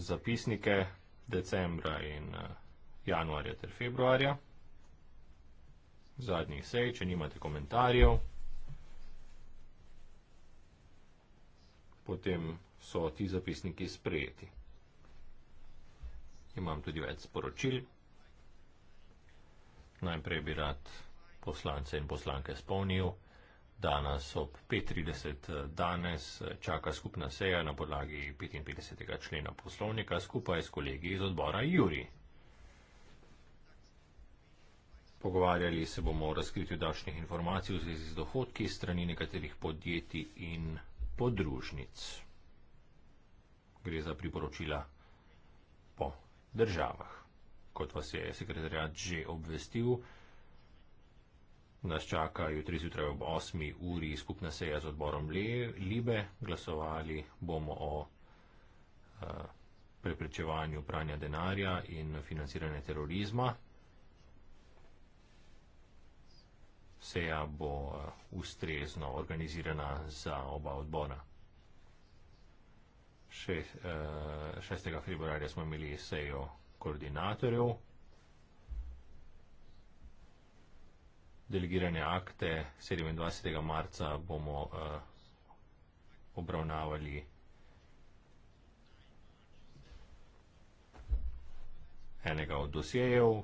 zapisnike decembra in eh, januarja ter februarja. Zadnji sej, če nimate komentarjev. Potem so ti zapisniki sprejeti. Imam tudi več sporočil. Najprej bi rad poslance in poslanke spomnil danes ob 5.30 eh, danes eh, čaka skupna seja na podlagi 55. člena poslovnika skupaj s kolegi iz odbora Juri. Pogovarjali se bomo o razkritju davčnih informacij v zvezi z dohodki strani nekaterih podjetij in podružnic. Gre za priporočila po državah. Kot vas je sekretarjat že obvestil, nas čaka jutri zjutraj ob 8. uri skupna seja z odborom Le Libe. Glasovali bomo o a, eh, preprečevanju pranja denarja in financiranja terorizma. Seja bo eh, ustrezno organizirana za oba odbora. Še, 6. Eh, februarja smo imeli sejo koordinatorjev. delegirane akte. 27. marca bomo uh, obravnavali enega od dosjejev.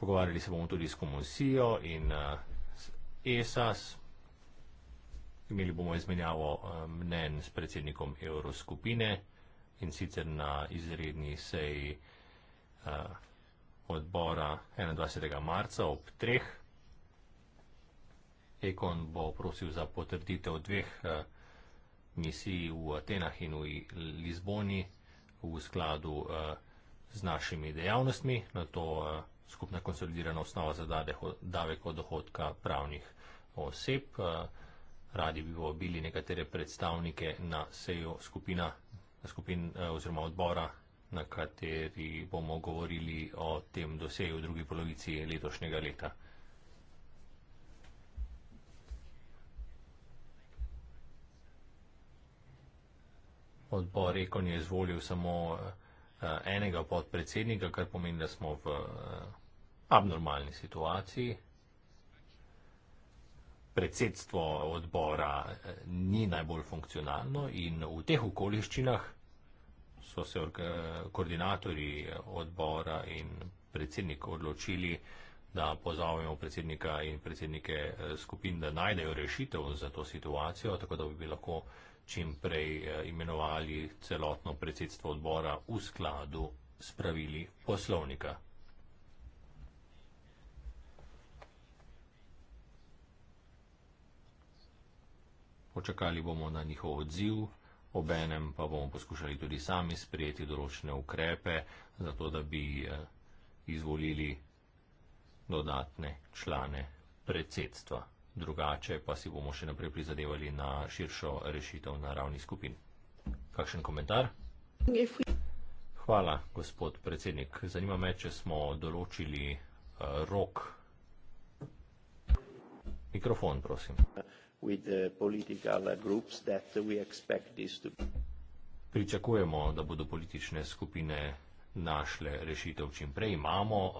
Pogovarjali se bomo tudi s komisijo in uh, eh, s ESAS. Imeli bomo izmenjavo uh, eh, mnen s predsednikom Evroskupine in sicer na izredni seji uh, odbora 21. marca ob 3. Ekon bo prosil za potrditev dveh eh, misij v Atenah in v Lizboni v skladu eh, z našimi dejavnostmi, na to eh, skupna konsolidirana osnova za davek od dohodka pravnih oseb. Radi bi bili nekatere predstavnike na sejo skupina, skupin oziroma odbora na kateri bomo govorili o tem doseju v drugi polovici letošnjega leta. Odbor Ekon je izvolil samo eh, enega podpredsednika, kar pomeni, da smo v eh, abnormalni situaciji. Predsedstvo odbora eh, ni najbolj funkcionalno in v teh okoliščinah so se koordinatori odbora in predsednik odločili, da pozovemo predsednika in predsednike eh, skupin, da najdejo rešitev za to situacijo, tako da bi, bi lahko čim prej eh, imenovali celotno predsedstvo odbora v skladu s pravili poslovnika. Počakali bomo na njihov odziv obenem pa bomo poskušali tudi sami sprejeti določene ukrepe, zato da bi eh, izvolili dodatne člane predsedstva. Drugače pa si bomo še naprej prizadevali na širšo rešitev na ravni skupin. Kakšen komentar? Hvala, gospod predsednik. Zanima me, če smo določili uh, rok. Mikrofon, prosim. Uh with the political groups that we expect this to be. Pričakujemo, da bodo politične skupine našle rešitev čim prej. Imamo uh,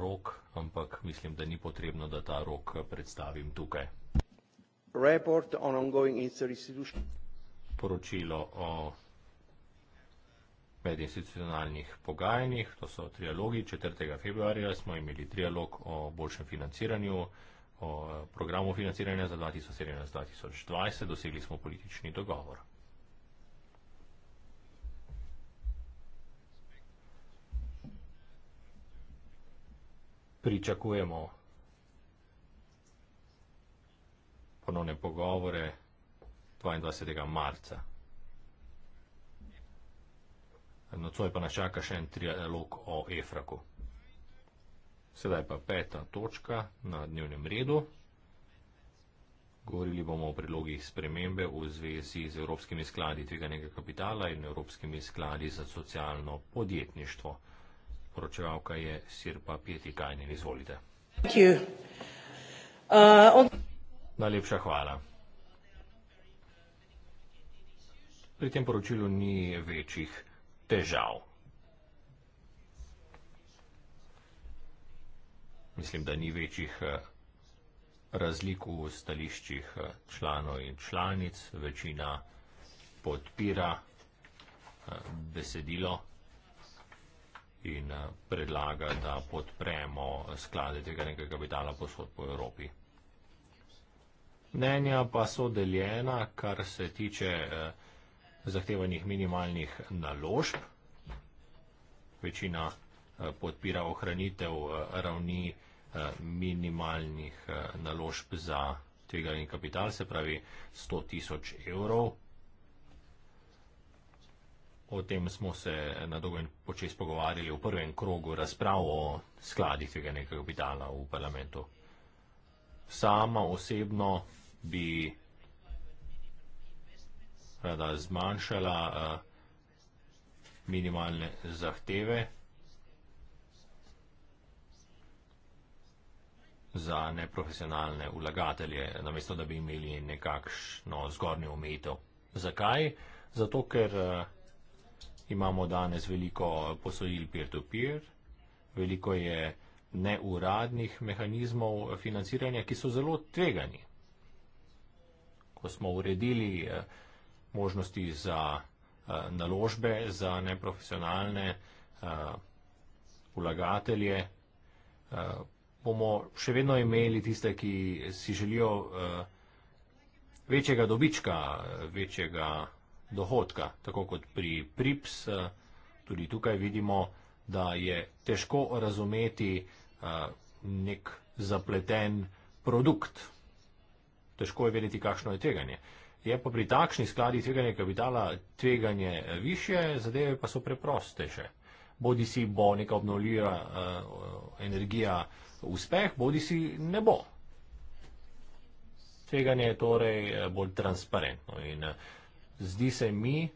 rok, ampak mislim, da ni potrebno, da ta rok eh, predstavim tukaj. Poročilo o medinstitucionalnih pogajanjih, to so trialogi. 4. februarja smo imeli trialog o boljšem financiranju uh, o eh, programu financiranja za 2017-2020 dosegli smo politični dogovor. Pričakujemo ponovne pogovore 22. marca. Nocoj pa nas čaka še en trialog o EFRAKu. Sedaj pa peta točka na dnevnem redu. Govorili bomo o predlogih spremembe v zvezi z evropskimi skladi tveganega kapitala in evropskimi skladi za socialno podjetništvo. Poročevalka je Sirpa Pietikajnen, izvolite. Uh, on... Najlepša hvala. Pri tem poročilu ni večjih težav. mislim, da ni večjih eh, razlik v stališčih eh, članov in članic. Večina podpira eh, besedilo in predlaga, da podpremo sklade tega nekaj kapitala posod po Evropi. Mnenja pa so deljena, kar se tiče zahtevanih minimalnih naložb. Večina Eh, podpira ohranitev eh, ravni eh, minimalnih naložb za tveganje kapital, se pravi 100 tisoč evrov. O tem smo se na dolgo in počest pogovarjali v prvem krogu razprav o skladih tveganega kapitala v parlamentu. Sama osebno bi rada zmanjšala minimalne zahteve za neprofesionalne vlagatelje, namesto da bi imeli nekakšno zgornjo umetov. Zakaj? Zato, ker eh, imamo danes veliko posojil peer-to-peer, -peer, veliko je neuradnih mehanizmov financiranja, ki so zelo tvegani. Ko smo uredili eh, možnosti za eh, naložbe za neprofesionalne vlagatelje, bomo še vedno imeli tiste, ki si želijo uh, večjega dobička, eh, večjega dohodka, tako kot pri PRIPS. Uh, tudi tukaj vidimo, da je težko razumeti uh, nek zapleten produkt. Težko je vedeti, kakšno je tveganje. Je pa pri takšni skladi tveganje kapitala tveganje više, zadeve pa so preprostejše. Bodi si bo neka obnovljiva uh, energija, uh, uspeh, bodi si ne bo. Tveganje je torej eh, bolj transparentno in eh, zdi se mi,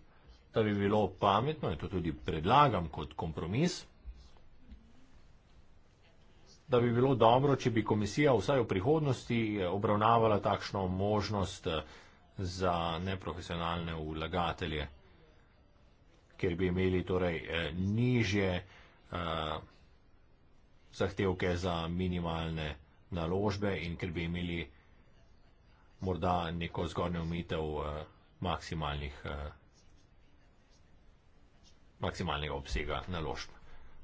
da bi bilo pametno, in to tudi predlagam kot kompromis, da bi bilo dobro, če bi komisija vsaj v prihodnosti eh, obravnavala takšno možnost za neprofesionalne vlagatelje, ker bi imeli torej nižje. Uh, zahtevke za minimalne naložbe in ker bi imeli morda neko zgornjo omitev eh, eh, maksimalnega obsega naložb.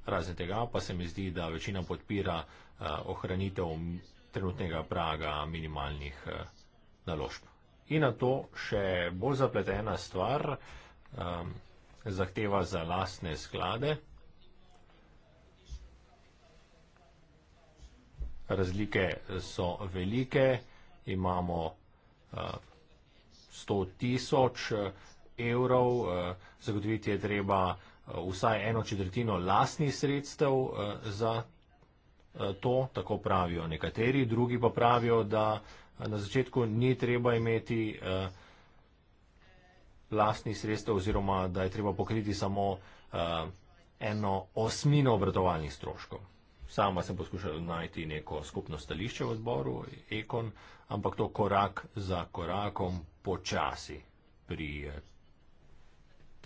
Razen tega pa se mi zdi, da večina podpira eh, ohranitev trenutnega praga minimalnih eh, naložb. In na to še bolj zapletena stvar eh, zahteva za lastne sklade. razlike so velike. Imamo uh, eh, 100 tisoč eh, evrov, uh, zagotoviti je treba uh, vsaj eno četrtino lastnih sredstev uh, za uh, to, tako pravijo nekateri, drugi pa pravijo, da uh, na začetku ni treba imeti uh, lastnih sredstev oziroma da je treba pokriti samo uh, eno osmino obratovalnih stroškov. Sama sem poskušala najti neko skupno stališče v odboru Ekon, ampak to korak za korakom počasi pri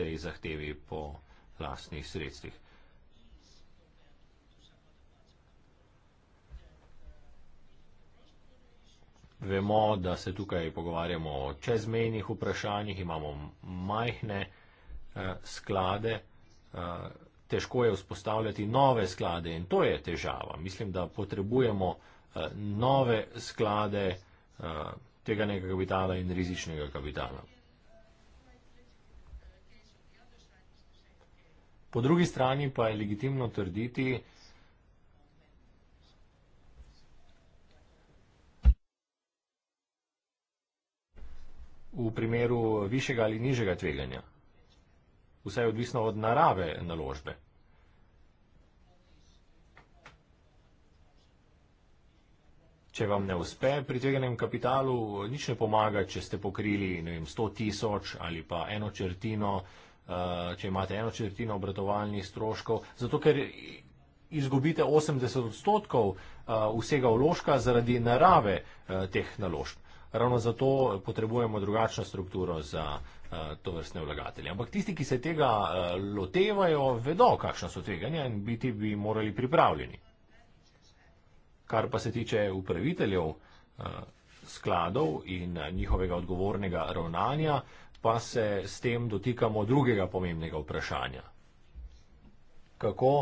tej zahtevi po lastnih sredstvih. Vemo, da se tukaj pogovarjamo o čezmejnih vprašanjih, imamo majhne eh, sklade. Eh, težko je vzpostavljati nove sklade in to je težava. Mislim, da potrebujemo eh, nove sklade eh, tega nekega kapitala in rizičnega kapitala. Po drugi strani pa je legitimno trditi, v primeru višjega ali nižjega tveganja. Vse je odvisno od narave naložbe. Če vam ne uspe pri tveganem kapitalu, nič ne pomaga, če ste pokrili vem, 100 tisoč ali pa eno četrtino, uh, če imate eno četrtino obratovalnih stroškov, zato ker izgubite 80 odstotkov uh, vsega vložka zaradi narave uh, teh naložb. Ravno zato potrebujemo drugačno strukturo za uh, to vrstne vlagatelje. Ampak tisti, ki se tega uh, lotevajo, vedo, kakšna so tveganja in biti bi morali pripravljeni. Kar pa se tiče upraviteljev eh, skladov in njihovega odgovornega ravnanja, pa se s tem dotikamo drugega pomembnega vprašanja. Kako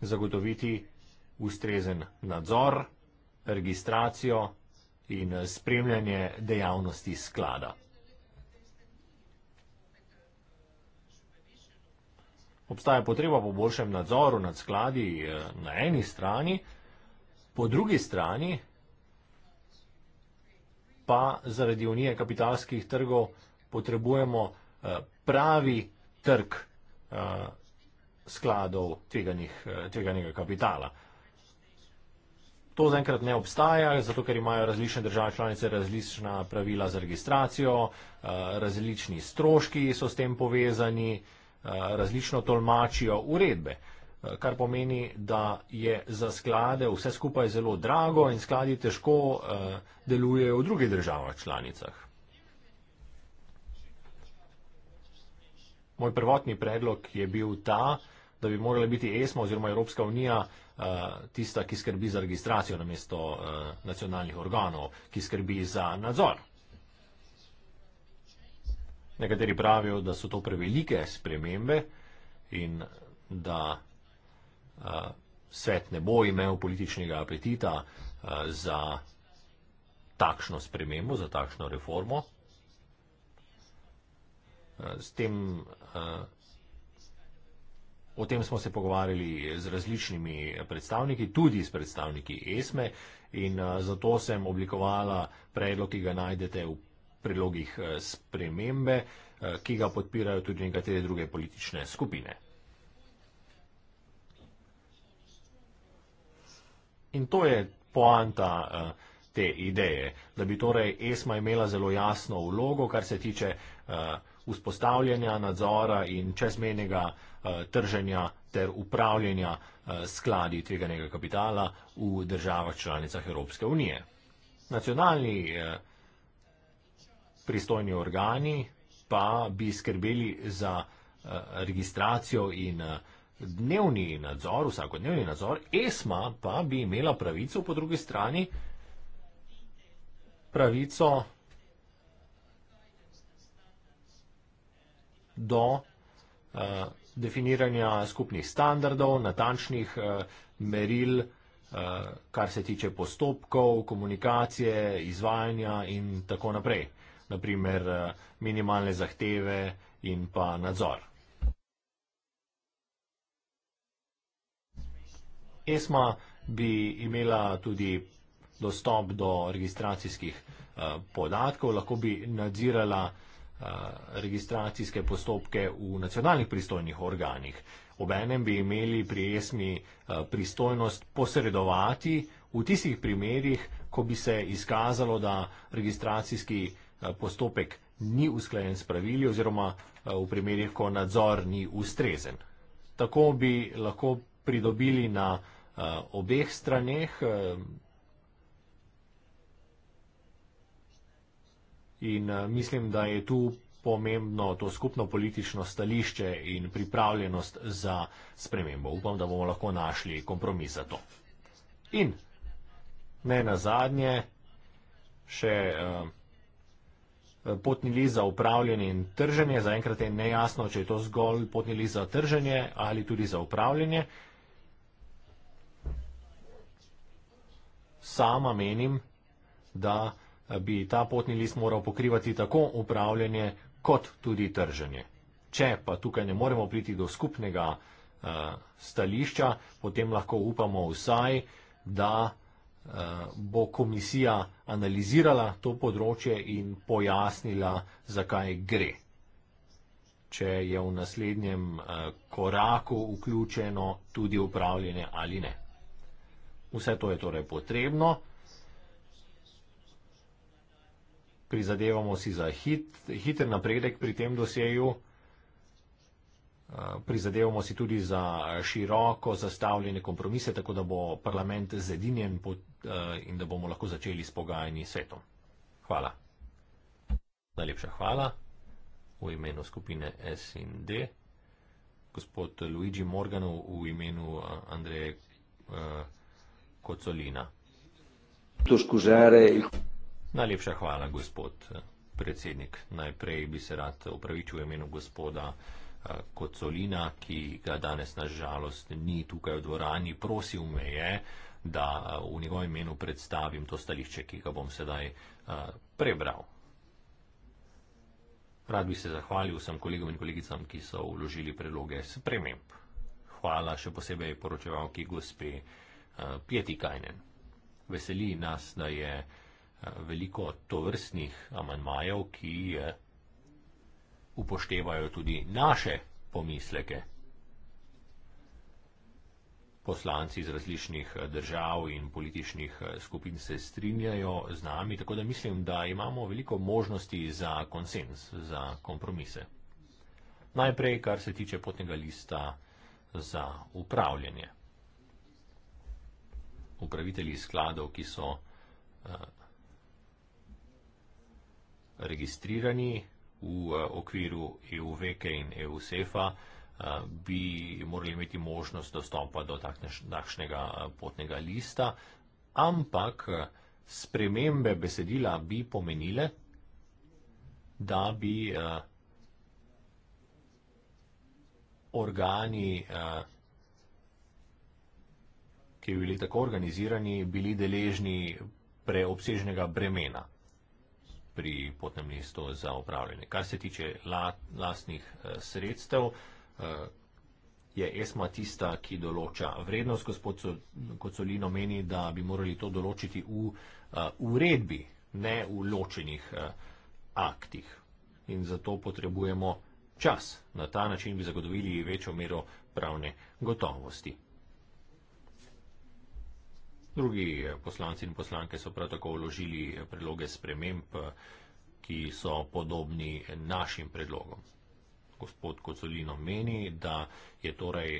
zagotoviti ustrezen nadzor, registracijo in spremljanje dejavnosti sklada? Obstaja potreba po boljšem nadzoru nad skladi eh, na eni strani, Po drugi strani pa zaradi unije kapitalskih trgov potrebujemo eh, pravi trg eh, skladov eh, tveganega kapitala. To zaenkrat ne obstaja, zato ker imajo različne države članice različna pravila za registracijo, različni stroški so s tem povezani, različno tolmačijo uredbe. Eh, kar pomeni, da je za sklade vse skupaj zelo drago in skladi težko eh, delujejo v drugih državah članicah. Moj prvotni predlog je bil ta, da bi morala biti ESMO oziroma Evropska unija eh, tista, ki skrbi za registracijo na mesto nacionalnih organov, ki skrbi za nadzor. Nekateri pravijo, da so to prevelike spremembe in da svet ne bo imel političnega apetita za takšno spremembo, za takšno reformo. S tem, o tem smo se pogovarjali z različnimi predstavniki, tudi s predstavniki ESME in zato sem oblikovala predlog, ki ga najdete v predlogih spremembe, ki ga podpirajo tudi nekatere druge politične skupine. In to je poanta uh, te ideje, da bi torej ESMA imela zelo jasno vlogo, kar se tiče uh, vzpostavljanja nadzora in čezmenega uh, eh, trženja ter upravljanja uh, skladi tveganega kapitala v državah članicah Evropske unije. Nacionalni uh, pristojni organi pa bi skrbeli za uh, registracijo in uh, dnevni nadzor, vsakodnevni nadzor, ESMA pa bi imela pravico po drugi strani, pravico do uh, definiranja skupnih standardov, natančnih uh, meril, uh, kar se tiče postopkov, komunikacije, izvajanja in tako naprej. Naprimer, minimalne zahteve in pa nadzor. ESMA bi imela tudi dostop do registracijskih eh, podatkov, lahko bi nadzirala eh, registracijske postopke v nacionalnih pristojnih organih. Obenem bi imeli pri ESMI eh, pristojnost posredovati v tistih primerih, ko bi se izkazalo, da registracijski postopek ni usklajen s pravili oziroma v primerih, ko nadzor ni ustrezen. Tako bi lahko pridobili na registracijske postopke, Eh, obeh straneh. Eh, in eh, mislim, da je tu pomembno to skupno politično stališče in pripravljenost za spremembo. Upam, da bomo lahko našli kompromis za to. In ne na zadnje, še uh, potni list za upravljanje in trženje. Zaenkrat je nejasno, če je to zgolj potni list za trženje ali tudi za upravljanje. Uh, sama menim, da bi ta potni list moral pokrivati tako upravljanje kot tudi trženje. Če pa tukaj ne moremo priti do skupnega uh, stališča, potem lahko upamo vsaj, da uh, bo komisija analizirala to področje in pojasnila, zakaj gre. Če je v naslednjem uh, koraku vključeno tudi upravljanje ali ne. Vse to je torej potrebno. Prizadevamo si za hit, hiter napredek pri tem dosjeju. Eh, prizadevamo si tudi za široko zastavljene kompromise, tako da bo parlament zedinjen eh, in da bomo lahko začeli s pogajanji svetom. Hvala. Najlepša hvala v imenu skupine SND. Gospod Luigi Morganov v imenu eh, Andreja. Kocolina. Najlepša hvala, gospod eh, predsednik. Najprej bi se rad upravičil v imenu gospoda eh, Kocolina, ki ga danes nažalost ni tukaj v dvorani. Prosil me je, da eh, v njegovem imenu predstavim to stališče, ki ga bom sedaj prebral. Rad bi se zahvalil vsem kolegom in kolegicam, ki so vložili predloge sprememb. Hvala še posebej poročevalki gospe. Eh, Pietikajnen. Veseli nas, da je eh, veliko tovrstnih amanmajev, ki eh, upoštevajo tudi naše pomisleke. Poslanci iz različnih držav in političnih skupin se strinjajo z nami, tako da mislim, da imamo veliko možnosti za konsens, za kompromise. Najprej, kar se tiče potnega lista za upravljanje upravitelji skladov, ki so eh, registrirani v eh, okviru EUVEKE in EUSEFA, eh, bi morali imeti možnost dostopa do takšnega potnega lista, ampak spremembe besedila bi pomenile, da bi organi ki bi bili tako organizirani, bili deležni preobsežnega bremena pri potnem listu za upravljanje. Kar se tiče lastnih eh, sredstev, eh, je ESMA tista, ki določa vrednost. Gospod Kocolino meni, da bi morali to določiti v eh, uredbi, ne v ločenih aktih. In zato potrebujemo čas. Na ta način bi zagotovili večjo mero pravne gotovosti. Drugi eh, poslanci in poslanke so prav tako vložili eh, predloge sprememb, eh, ki so podobni našim predlogom. Gospod Kocolino meni, da je torej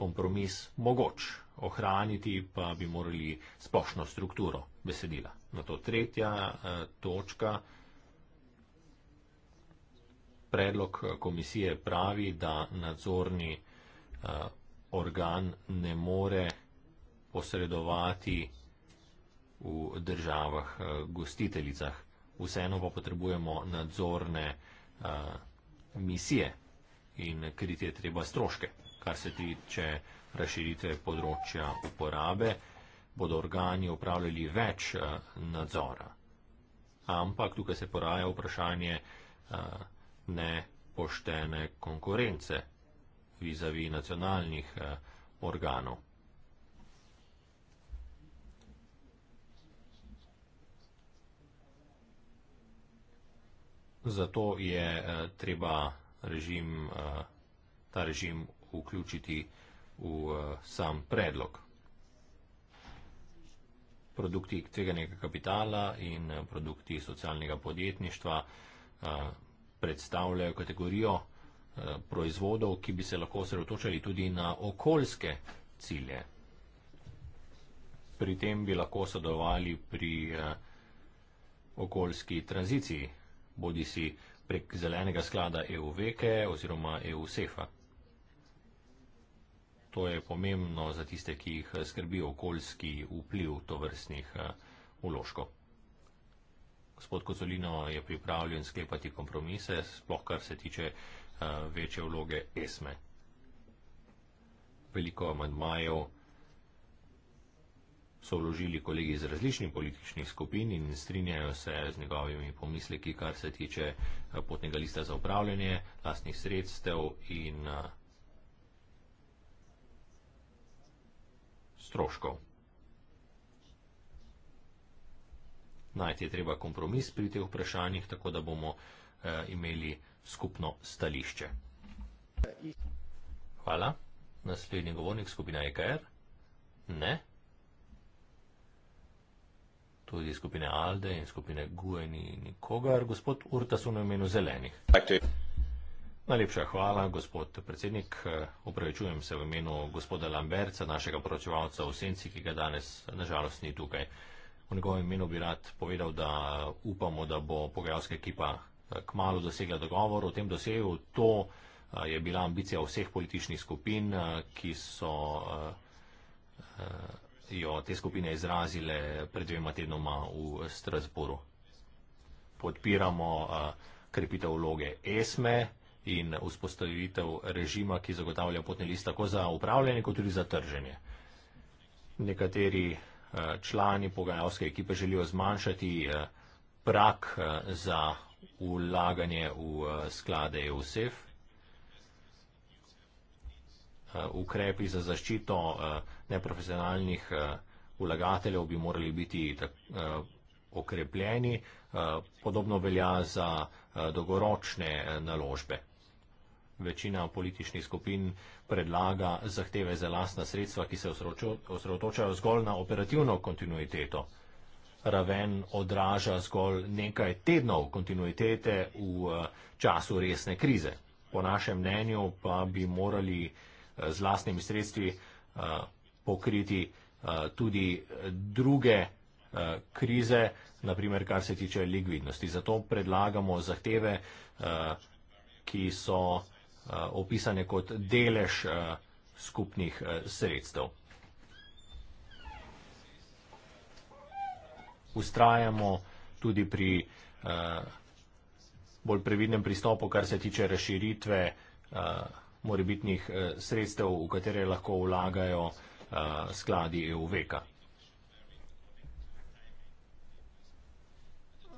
kompromis mogoč, ohraniti pa bi morali splošno strukturo besedila. Na to tretja točka. Predlog komisije pravi, da nadzorni organ ne more posredovati v državah eh, gostiteljicah. Vseeno pa potrebujemo nadzorne uh, misije in kritje treba stroške. Kar se tiče razširitve področja uporabe, bodo organi upravljali več uh, nadzora. Ampak tukaj se poraja vprašanje uh, nepoštene konkurence vizavi nacionalnih uh, organov. Zato je uh, treba režim, uh, ta režim vključiti v uh, sam predlog. Produkti tveganega kapitala in produkti socialnega podjetništva uh, predstavljajo kategorijo uh, proizvodov, ki bi se lahko osredotočali tudi na okoljske cilje. Pri tem bi lahko sodelovali pri uh, okoljski tranziciji bodi si prek zelenega sklada EU-veke oziroma EU-sefa. To je pomembno za tiste, ki jih skrbi okoljski vpliv tovrstnih uložkov. Eh, Gospod Kozolino je pripravljen sklepati kompromise, sploh kar se tiče eh, večje vloge ESME. E. Veliko amandmajev so vložili kolegi iz različnih političnih skupin in strinjajo se z njegovimi pomisleki, kar se tiče eh, potnega lista za upravljanje, lastnih sredstev in eh, stroškov. Najti je treba kompromis pri teh vprašanjih, tako da bomo eh, imeli skupno stališče. Hvala. Naslednji govornik skupina EKR. Ne tudi skupine Alde in skupine Gue ni nikogar, gospod Urtas v imenu zelenih. Najlepša hvala, gospod predsednik. Upravičujem se v imenu gospoda Lamberca, našega poročevalca v Senci, ki ga danes nažalost ni tukaj. V njegovem imenu bi rad povedal, da upamo, da bo pogajalska ekipa eh, kmalo dosegla dogovor o tem dosegu. To eh, je bila ambicija vseh političnih skupin, eh, ki so jo te skupine izrazile pred dvema tednoma v Strasboru. Podpiramo uh, krepitev vloge ESME in vzpostavitev režima, ki zagotavlja potni list tako za upravljanje, kot tudi za trženje. Nekateri uh, člani pogajalske ekipe želijo zmanjšati uh, prak uh, za ulaganje v uh, sklade EUSEF. Uh, ukrepi za zaščito. Uh, neprofesionalnih eh, vlagateljev bi morali biti eh, okrepljeni. Eh, podobno velja za dolgoročne naložbe. Večina političnih skupin predlaga zahteve za lastna sredstva, ki se osredotočajo zgolj na operativno kontinuiteto. Raven odraža zgolj nekaj tednov kontinuitete v času resne krize. Po našem mnenju pa bi morali z lastnimi sredstvi pokriti eh, tudi eh, druge eh, krize, naprimer kar se tiče likvidnosti. Zato predlagamo zahteve, ki so opisane kot delež skupnih sredstev. Ustrajamo tudi pri bolj previdnem pristopu, kar se tiče razširitve morebitnih sredstev, v katere lahko vlagajo vlagajo Eh, skladi EUVK.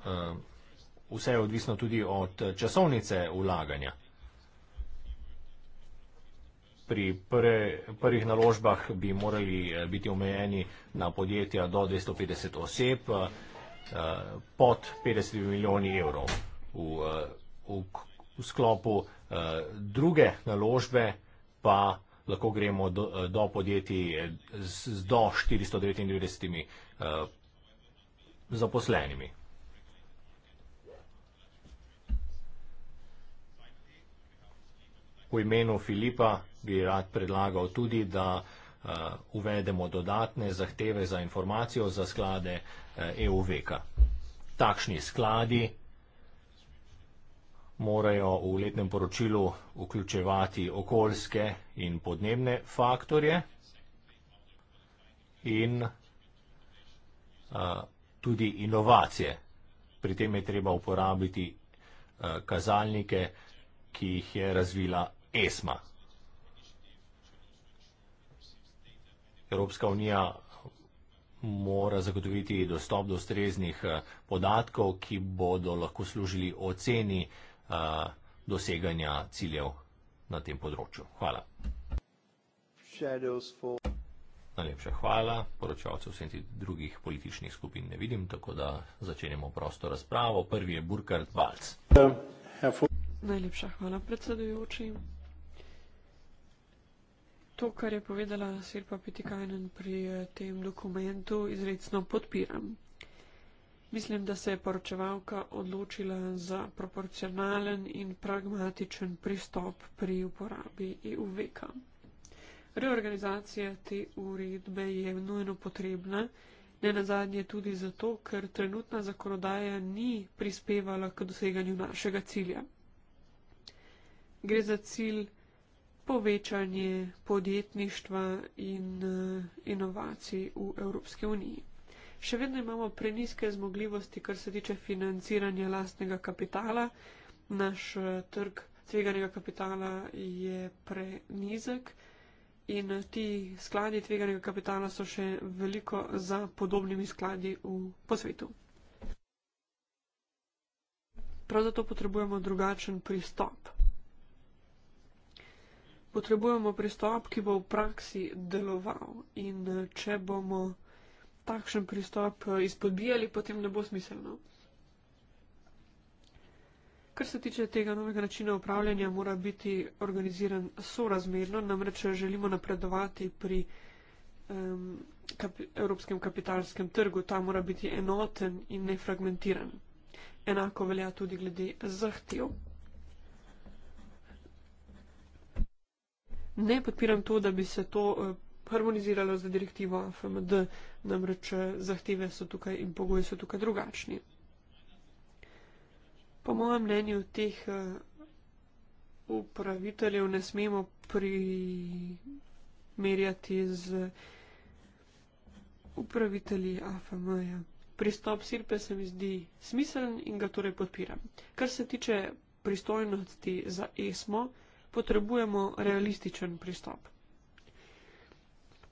Eh, vse je odvisno tudi od časovnice vlaganja. Pri prvih naložbah bi morali eh, biti omejeni na podjetja do 250 oseb pod 50 milijoni evrov. V, v, v sklopu druge naložbe pa lahko gremo do, eh, do podjetij eh, z, z do 499 uh, eh, zaposlenimi. V imenu Filipa bi rad predlagal tudi, da uh, uvedemo dodatne zahteve za informacijo za sklade uh, EUVK. Takšni skladi morajo v letnem poročilu vključevati okoljske in podnebne faktorje in eh, tudi inovacije. Pri tem je treba uporabiti eh, kazalnike, ki jih je razvila ESMA. Evropska unija mora zagotoviti dostop do ustreznih eh, podatkov, ki bodo lahko služili oceni, doseganja ciljev na tem področju. Hvala. Najlepša hvala. Poročevalcev vsem tih drugih političnih skupin ne vidim, tako da začenjamo prosto razpravo. Prvi je Burkard Valc. Najlepša hvala, predsedujoči. To, kar je povedala Sirpa Pitikajnen pri eh, tem dokumentu, izredno podpiram. Mislim, da se je poročevalka odločila za proporcionalen in pragmatičen pristop pri uporabi EUVK. Reorganizacija te uredbe je nujno potrebna, ne nazadnje tudi zato, ker trenutna zakonodaja ni prispevala k doseganju našega cilja. Gre za cilj povečanje podjetništva in eh, inovacij v Evropske uniji. Še vedno imamo preniske zmogljivosti, kar se tiče financiranja lastnega kapitala. Naš eh, trg tveganega kapitala je prenizek in eh, ti skladi tveganega kapitala so še veliko za podobnimi skladi v, po svetu. Prav zato potrebujemo drugačen pristop. Potrebujemo pristop, ki bo v praksi deloval in eh, če bomo takšen pristop eh, izpodbijali, potem ne bo smiselno. Kar se tiče tega novega načina upravljanja, mora biti organiziran sorazmerno, namreč želimo napredovati pri um, kap evropskem kapitalskem trgu, ta mora biti enoten in nefragmentiran. Enako velja tudi glede zahtev. Ne podpiram to, da bi se to uh, harmoniziralo z direktivo FMD, namreč eh, zahteve so tukaj in pogoji so tukaj drugačni. Po mojem mnenju teh eh, upraviteljev ne smemo primerjati z upravitelji AFM-ja. Pristop SIRPE se mi zdi smiseln in ga torej podpiram. Kar se tiče pristojnosti za ESMO, potrebujemo realističen pristop.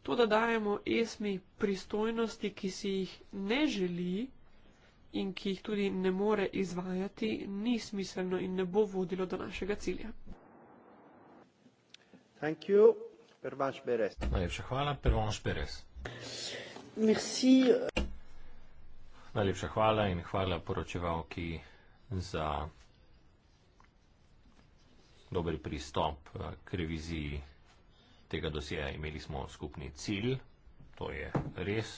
To, da dajemo esmi pristojnosti, ki si jih ne želi in ki jih tudi ne more izvajati, ni smiselno in ne bo vodilo do našega cilja. Najlepša hvala, Pervanš Beres. Merci. Najlepša hvala in hvala poročevalki za dober pristop k reviziji tega dosija imeli smo skupni cilj, to je res.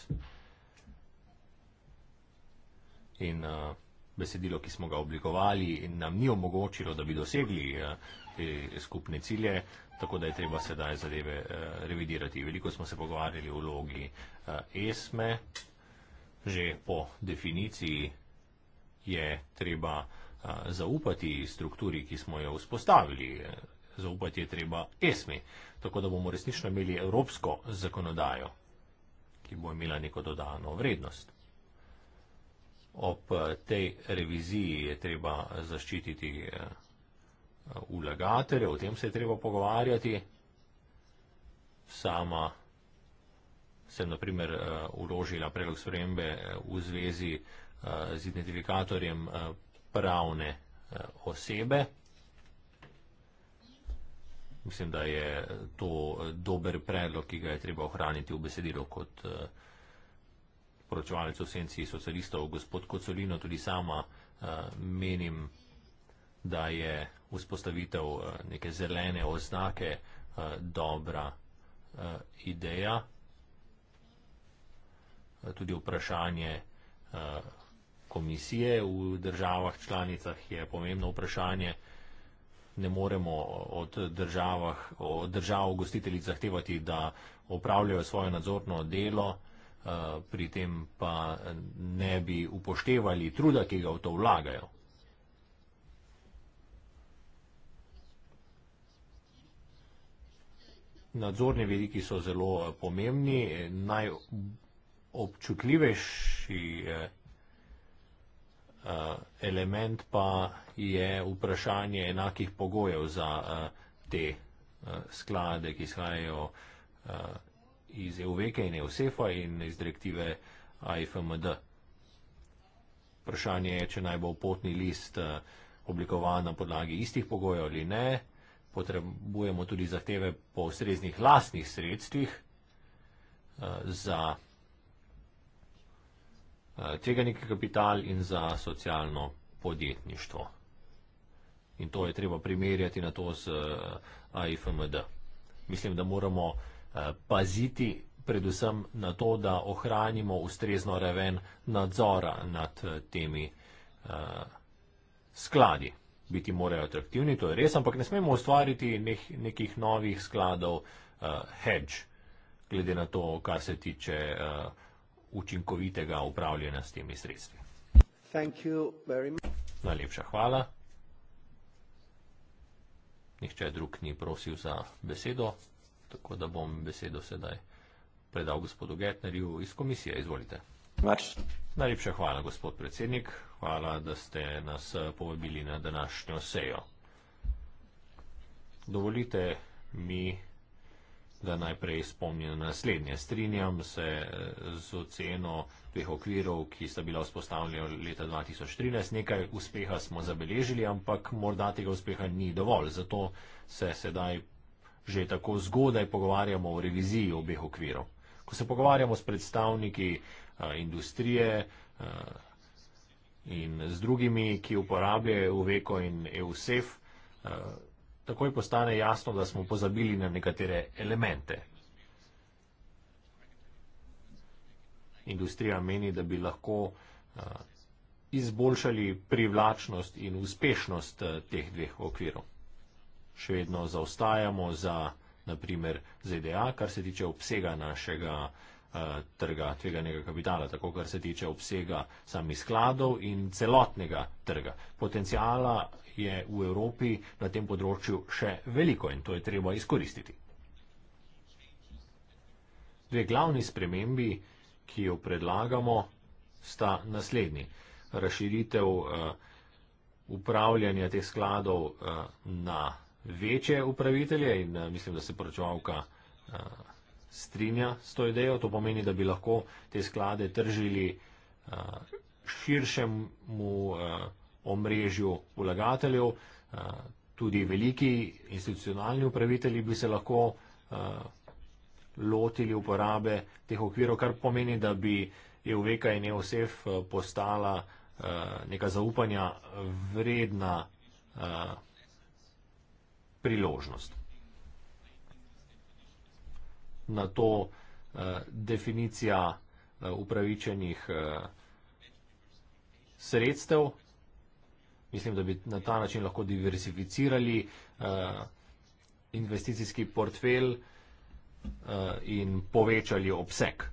In uh, besedilo, ki smo ga oblikovali, nam ni omogočilo, da bi dosegli uh, te skupne cilje, tako da je treba sedaj zadeve uh, revidirati. Veliko smo se pogovarjali o vlogi uh, ESME. Že po definiciji je treba uh, zaupati strukturi, ki smo jo vzpostavili. Uh, zaupati je treba ESMI, tako da bomo resnično imeli evropsko zakonodajo, ki bo imela neko dodano vrednost. Ob eh, tej reviziji je treba eh, zaščititi eh, vlagatelje, o tem se je treba pogovarjati. Sama sem, na primer, uložila predlog spremembe v zvezi z identifikatorjem pravne osebe mislim, da je to dober predlog, ki ga je treba ohraniti v besedilo kot uh, poročevalec v senci socialistov. Gospod Kocolino, tudi sama uh, menim, da je vzpostavitev uh, neke zelene oznake uh, dobra uh, ideja. Tudi vprašanje uh, komisije v državah članicah je pomembno vprašanje. Uh, ne moremo od, državah, od držav gostiteljic zahtevati, da opravljajo svoje nadzorno delo, eh, pri tem pa ne bi upoštevali truda, ki ga v to vlagajo. Nadzorni vidiki so zelo pomembni. Najobčutljivejši eh, Eh, element pa je vprašanje enakih pogojev za eh, te eh, sklade, ki izhajajo iz EUVEKE in EUSEFA in iz direktive AFMD. Vprašanje je, če naj bo potni list oblikovan na podlagi istih pogojev ali ne. Potrebujemo tudi zahteve po ustreznih lastnih sredstvih za Eh, tveganje kapital in za socialno podjetništvo. In to je treba primerjati na to z eh, AIFMD. Mislim, da moramo eh, paziti predvsem na to, da ohranimo ustrezno raven nadzora nad temi skladi. Biti morajo atraktivni, to je res, ampak ne smemo ustvariti nek, nekih novih skladov uh, hedge, glede na to, kar se tiče uh, učinkovitega upravljanja s temi sredstvi. Najlepša hvala. Nihče drug ni prosil za besedo, tako da bom besedo sedaj predal gospodu Getnerju iz komisije. Izvolite. Mač. Najlepša hvala, gospod predsednik. Hvala, da ste nas povabili na današnjo sejo. Dovolite mi, da najprej spomnim na naslednje. Strinjam se eh, z oceno dveh okvirov, ki sta bila vzpostavljena leta 2013. Nekaj uspeha smo zabeležili, ampak morda tega uspeha ni dovolj. Zato se sedaj že tako zgodaj pogovarjamo o reviziji obeh okvirov. Ko se pogovarjamo s predstavniki a, eh, industrije, a, eh, In z drugimi, ki uporabljajo UVECO in EUSEF, takoj postane jasno, da smo pozabili na nekatere elemente. Industrija meni, da bi lahko eh, izboljšali privlačnost in uspešnost eh, teh dveh okvirov. Še vedno zaostajamo za, naprimer, ZDA, kar se tiče obsega našega Eh, trga tveganega kapitala, tako kar se tiče obsega samih skladov in celotnega trga. Potencijala je v Evropi na tem področju še veliko in to je treba izkoristiti. Dve glavni spremembi, ki jo predlagamo, sta naslednji. Razširitev eh, upravljanja teh skladov eh, na večje upravitelje in mislim, da se poročevalka strinja s to idejo, to pomeni, da bi lahko te sklade tržili eh, širšemu eh, omrežju vlagateljev, eh, tudi veliki institucionalni upravitelji bi se lahko lotili uporabe teh okvirov, kar pomeni, da bi EUVK in EOSEF postala neka zaupanja vredna priložnost na to eh, definicija eh, upravičenih eh, sredstev. Mislim, da bi na ta način lahko diversificirali eh, investicijski portfelj eh, in povečali obseg.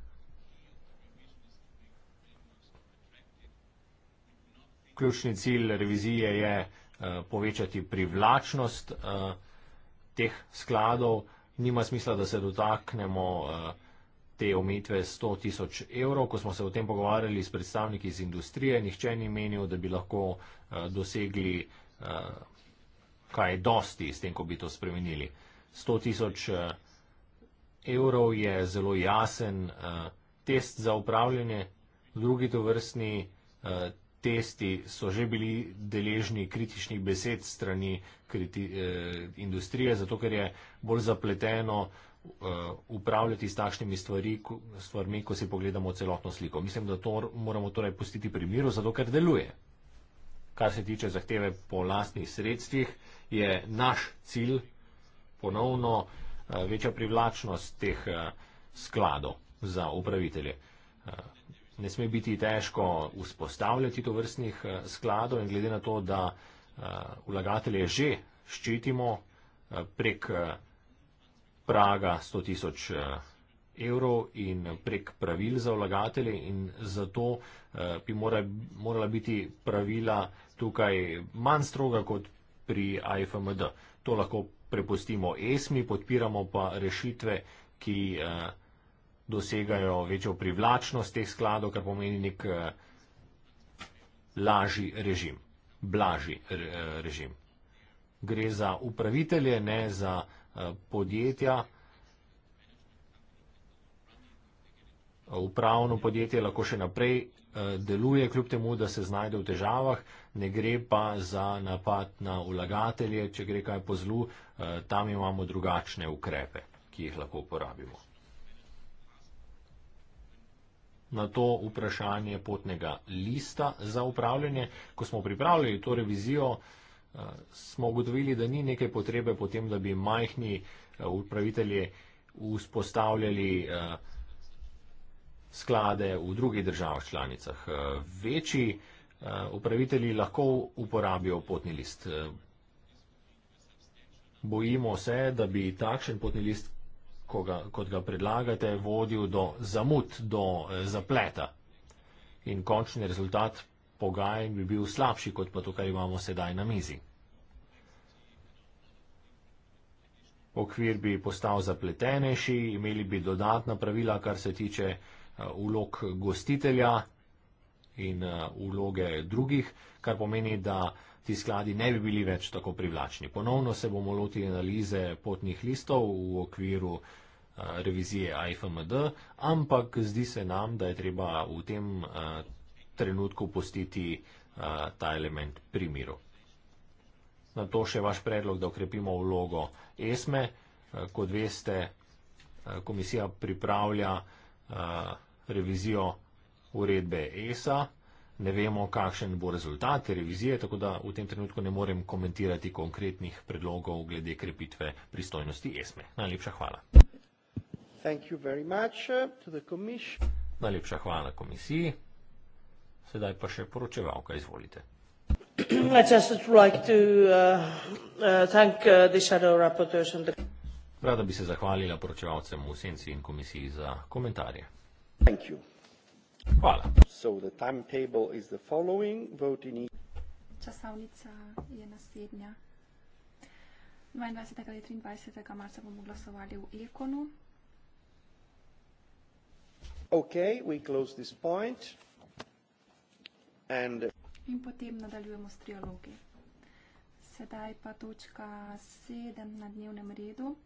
Ključni cilj revizije je eh, povečati privlačnost eh, teh skladov nima smisla, da se dotaknemo eh, te omejitve 100 tisoč evrov. Ko smo se o tem pogovarjali s predstavniki iz industrije, nihče ni menil, da bi lahko eh, dosegli eh, kaj dosti s tem, ko bi to spremenili. 100 tisoč evrov je zelo jasen test za upravljanje. Drugi to vrstni testi so že bili deležni kritičnih besed strani kriti, eh, industrije, zato ker je bolj zapleteno eh, upravljati s takšnimi stvari, ko, stvarmi, ko si pogledamo celotno sliko. Mislim, da to moramo torej pustiti pri miru, zato ker deluje. Kar se tiče zahteve po lastnih sredstvih, je naš cilj ponovno eh, večja privlačnost teh eh, skladov za upravitelje. Eh, ne sme biti težko vzpostavljati to vrstnih eh, skladov in glede na to, da eh, vlagatelje že ščitimo eh, prek praga 100 tisoč evrov in prek pravil za vlagatelje in zato bi morala biti pravila tukaj manj stroga kot pri AFMD. To lahko prepustimo ESMI, podpiramo pa rešitve, ki dosegajo večjo privlačnost teh skladov, kar pomeni nek eh, lažji režim, blažji eh, režim. Gre za upravitelje, ne za eh, podjetja. Upravno podjetje lahko še naprej deluje, kljub temu, da se znajde v težavah, ne gre pa za napad na ulagatelje, če gre kaj po zlu, tam imamo drugačne ukrepe, ki jih lahko uporabimo na to vprašanje potnega lista za upravljanje. Ko smo pripravljali to revizijo, eh, smo ugotovili, da ni neke potrebe potem, da bi majhni eh, upravitelji vzpostavljali eh, sklade v drugih državah članicah. Večji upravitelji lahko uporabijo potni list. Bojimo se, da bi takšen potni list ga, kot ga predlagate, vodil do zamud, do eh, zapleta. In končni rezultat pogajanj bi bil slabši, kot pa to, kar imamo sedaj na mizi. Okvir bi postal zapletenejši, imeli bi dodatna pravila, kar se tiče ulog eh, gostitelja in uloge eh, drugih, kar pomeni, da ti skladi ne bi bili več tako privlačni. Ponovno se bomo lotili analize potnih listov v okviru eh, revizije IFMD, ampak zdi se nam, da je treba v tem eh, trenutku pustiti eh, ta element pri miru. Na to še vaš predlog, da okrepimo vlogo ESME. Kot veste, komisija pripravlja revizijo uredbe ESA ne vemo, kakšen bo rezultat revizije, tako da v tem trenutku ne morem komentirati konkretnih predlogov glede krepitve pristojnosti ESME. Najlepša hvala. Uh, Najlepša hvala komisiji. Sedaj pa še poročevalka, izvolite. Uh, uh, Rada bi se zahvalila poročevalcem v senci in komisiji za komentarje. Thank you. Hvala. So the timetable is the following. Voting in... Časovnica je naslednja. 22. ali 23. marca bomo glasovali v Ilkonu. Ok, we close this point. And... In potem nadaljujemo s triologi. Sedaj pa točka 7 na dnevnem redu.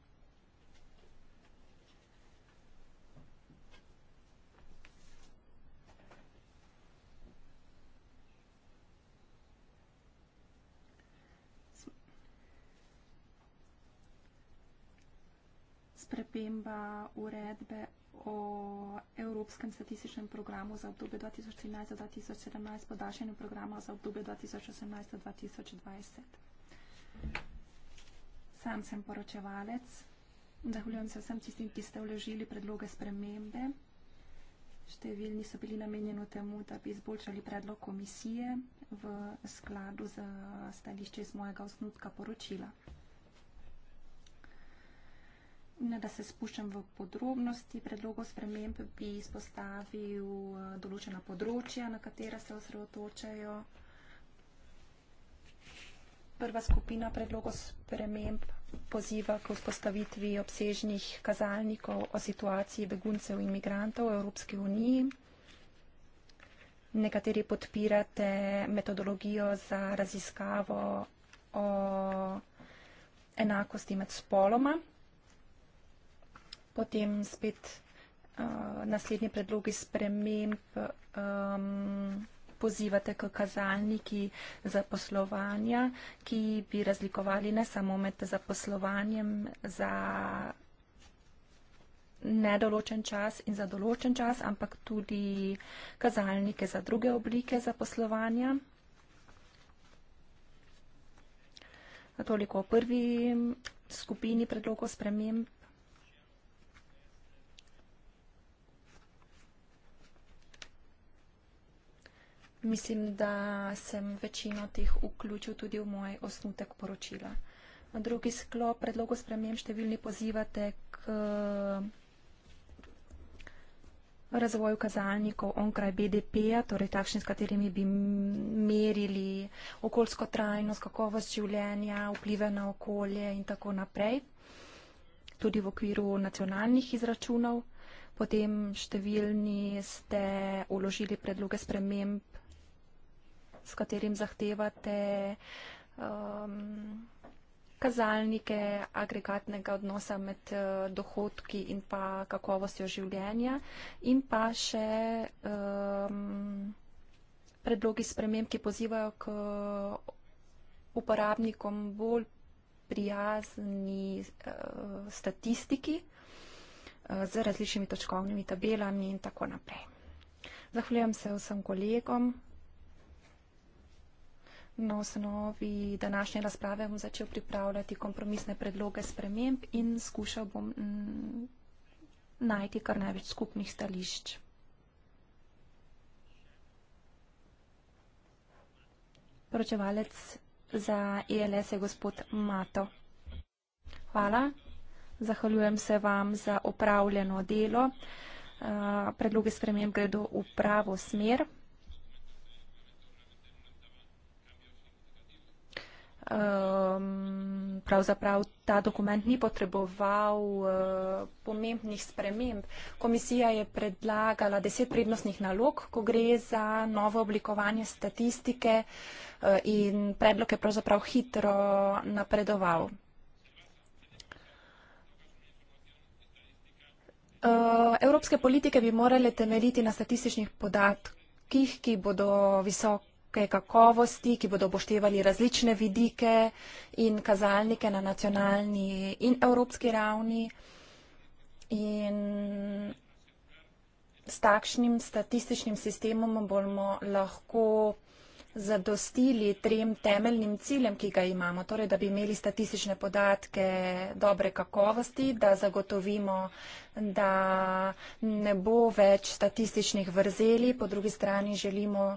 sprememba uredbe o Evropskem statističnem programu za obdobje 2013-2017, podaljšanju programa za obdobje 2018-2020. Sam sem poročevalec. Zahvaljujem se vsem tistim, ki ste vložili predloge spremembe. Številni so bili namenjeni temu, da bi izboljšali predlog komisije v skladu z stališče iz mojega osnutka poročila ne da se spuščam v podrobnosti predlogov sprememb, bi izpostavil eh, določena področja, na katera se osredotočajo. Prva skupina predlogov sprememb poziva k vzpostavitvi obsežnih kazalnikov o situaciji beguncev in migrantov v Evropski uniji. Nekateri podpirate metodologijo za raziskavo o enakosti med spoloma. Potem spet uh, naslednji predlogi sprememb um, pozivate k kazalniki zaposlovanja, ki bi razlikovali ne samo med zaposlovanjem za nedoločen čas in za določen čas, ampak tudi kazalnike za druge oblike zaposlovanja. Toliko o prvi skupini predlogov sprememb. mislim, da sem večino teh vključil tudi v moj osnutek poročila. Drugi sklop predlogu spremem številni pozivate k razvoju kazalnikov onkraj BDP-ja, torej takšni, s katerimi bi merili okoljsko trajnost, kakovost življenja, vplive na okolje in tako naprej, tudi v okviru nacionalnih izračunov. Potem številni ste uložili predloge sprememb s katerim zahtevate um, kazalnike agregatnega odnosa med uh, dohodki in pa kakovostjo življenja in pa še um, predlogi sprememb, ki pozivajo k uporabnikom bolj prijazni uh, statistiki uh, z različnimi točkovnimi tabelami in tako naprej. Zahvaljujem se vsem kolegom Na osnovi današnje razprave bom začel pripravljati kompromisne predloge sprememb in skušal bom mm, najti kar največ skupnih stališč. Poročevalec za ELS je gospod Mato. Hvala. Zahvaljujem se vam za opravljeno delo. Eh, predloge sprememb gredo v pravo smer. um, pravzaprav ta dokument ni potreboval uh, pomembnih sprememb. Komisija je predlagala deset prednostnih nalog, ko gre za novo oblikovanje statistike uh, in predlog je pravzaprav hitro napredoval. Eh, evropske politike bi morale temeljiti na statističnih podatkih, ki bodo visok, merilnike kakovosti, ki bodo upoštevali različne vidike in kazalnike na nacionalni in evropski ravni. In s takšnim statističnim sistemom bomo lahko zadostili trem temeljnim ciljem, ki ga imamo, torej da bi imeli statistične podatke dobre kakovosti, da zagotovimo, da ne bo več statističnih vrzeli, po drugi strani želimo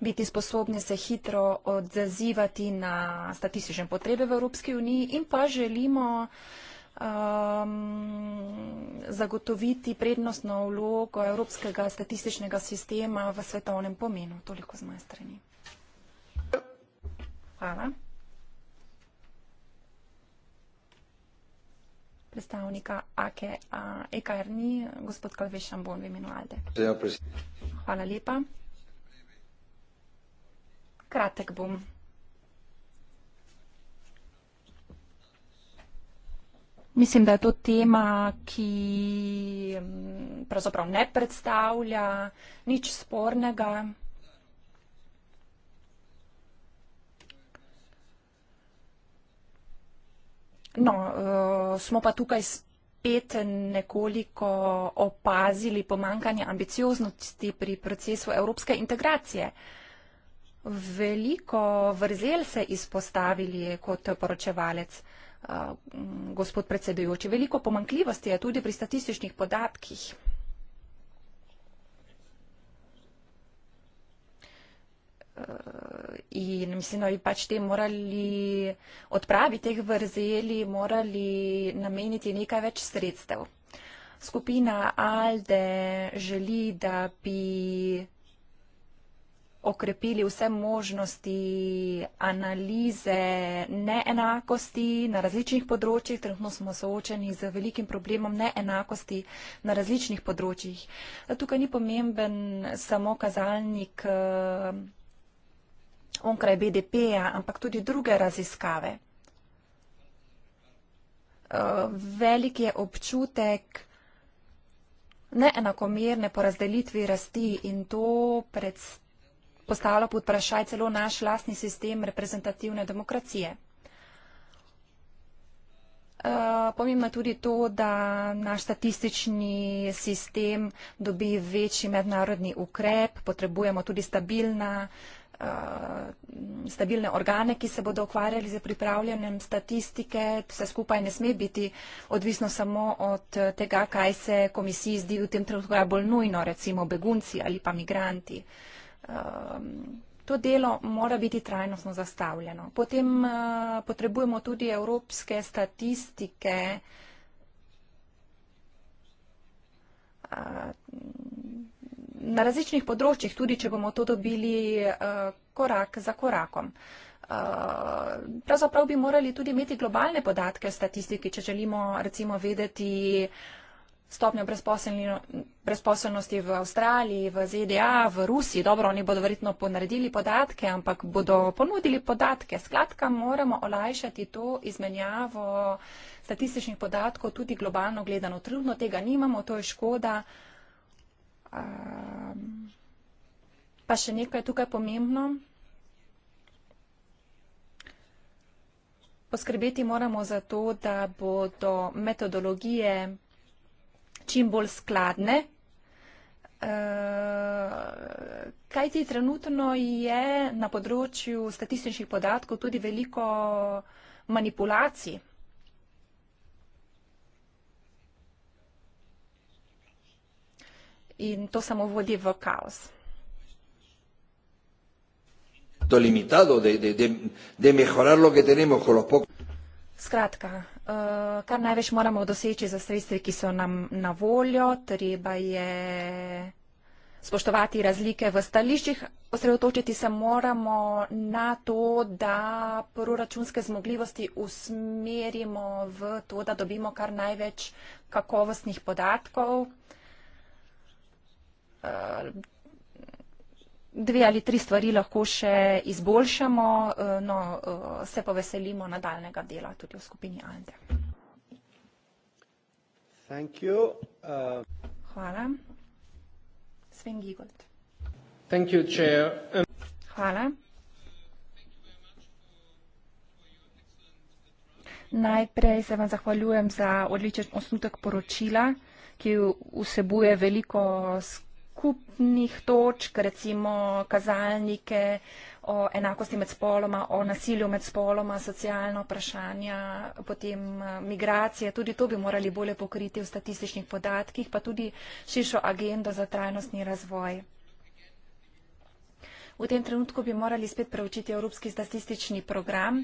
biti sposobni se hitro odzivati na statistične potrebe v Evropski uniji in pa želimo um, zagotoviti prednostno vlogo Evropskega statističnega sistema v svetovnem pomenu. Toliko z moje strani. Hvala. predstavnika AKE, EKR-ni, gospod Kalveš Šambon v imenu Alde. Hvala lepa kratek bom. Mislim, da je to tema, ki mm, pravzaprav ne predstavlja nič spornega. No, eh, smo pa tukaj spet nekoliko opazili pomankanje ambicioznosti pri procesu evropske integracije. Veliko vrzel se izpostavili kot poročevalec, gospod predsedujoči. Veliko pomankljivosti je tudi pri statističnih podatkih. E, in mislim, da bi pač te morali odpraviti teh vrzeli, morali nameniti nekaj več sredstev. Skupina Alde želi, da bi okrepili vse možnosti analize neenakosti na različnih področjih. Trenutno smo soočeni z velikim problemom neenakosti na različnih področjih. Tukaj ni pomemben samo kazalnik eh, onkraj BDP-ja, ampak tudi druge raziskave. Eh, velik je občutek neenakomerne porazdelitvi rasti in to predstavlja postavlja pod vprašaj celo naš lastni sistem reprezentativne demokracije. Eh, pomembno je tudi to, da naš statistični sistem dobi večji mednarodni ukrep, potrebujemo tudi stabilna, eh, stabilne organe, ki se bodo ukvarjali za pripravljanjem statistike. Vse skupaj ne sme biti odvisno samo od eh, tega, kaj se komisiji zdi v tem trenutku bolj nujno, recimo begunci ali pa migranti. Uh, um, to delo mora biti trajnostno zastavljeno. Potem uh, potrebujemo tudi evropske statistike. Eh, na različnih področjih, tudi če bomo to dobili eh, korak za korakom. Pravzaprav bi morali tudi imeti globalne podatke o statistiki, če želimo recimo vedeti, stopnjo brezposelnosti v Avstraliji, v ZDA, v Rusiji. Dobro, oni bodo verjetno ponaredili podatke, ampak bodo ponudili podatke. Skratka, moramo olajšati to izmenjavo statističnih podatkov, tudi globalno gledano. Trudno tega nimamo, to je škoda. Um, pa še nekaj tukaj pomembno. Poskrbeti moramo za to, da bodo metodologije čim bolj skladne. Eh, Kaj ti trenutno je na področju statističnih podatkov tudi veliko manipulacij? In to samo vodi v kaos. Skratka, Eh, kar največ moramo doseči za sredstvi, ki so nam na voljo. Treba je spoštovati razlike v stališčih. Osredotočiti se moramo na to, da proračunske zmogljivosti usmerimo v to, da dobimo kar največ kakovostnih podatkov. Uh, dve ali tri stvari lahko še izboljšamo, eh, no, eh, se pa veselimo nadaljnega dela tudi v skupini ALDE. Thank you. Uh... Hvala. Sven Gigold. Thank you, Chair. Um... Hvala. Najprej se vam zahvaljujem za odličen osnutek poročila, ki vsebuje veliko skupnosti, skupnih točk, recimo kazalnike o enakosti med spoloma, o nasilju med spoloma, socialna vprašanja, potem eh, migracije. Tudi to bi morali bolje pokriti v statističnih podatkih, pa tudi širšo agendo za trajnostni razvoj. V tem trenutku bi morali spet preučiti Evropski statistični program.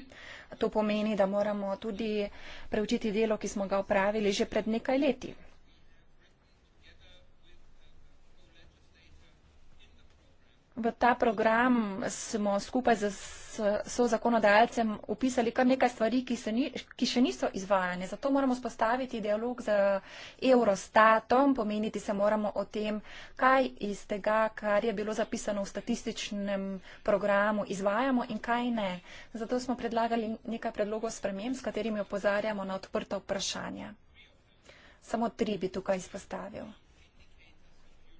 To pomeni, da moramo tudi preučiti delo, ki smo ga upravili že pred nekaj leti. V ta program smo skupaj z sozakonodajalcem upisali kar nekaj stvari, ki, ni, ki še niso izvajane. Zato moramo spostaviti dialog z Eurostatom, pomeniti se moramo o tem, kaj iz tega, kar je bilo zapisano v statističnem programu, izvajamo in kaj ne. Zato smo predlagali nekaj predlogov sprememb, s katerimi opozarjamo na odprta vprašanja. Samo tri bi tukaj izpostavil.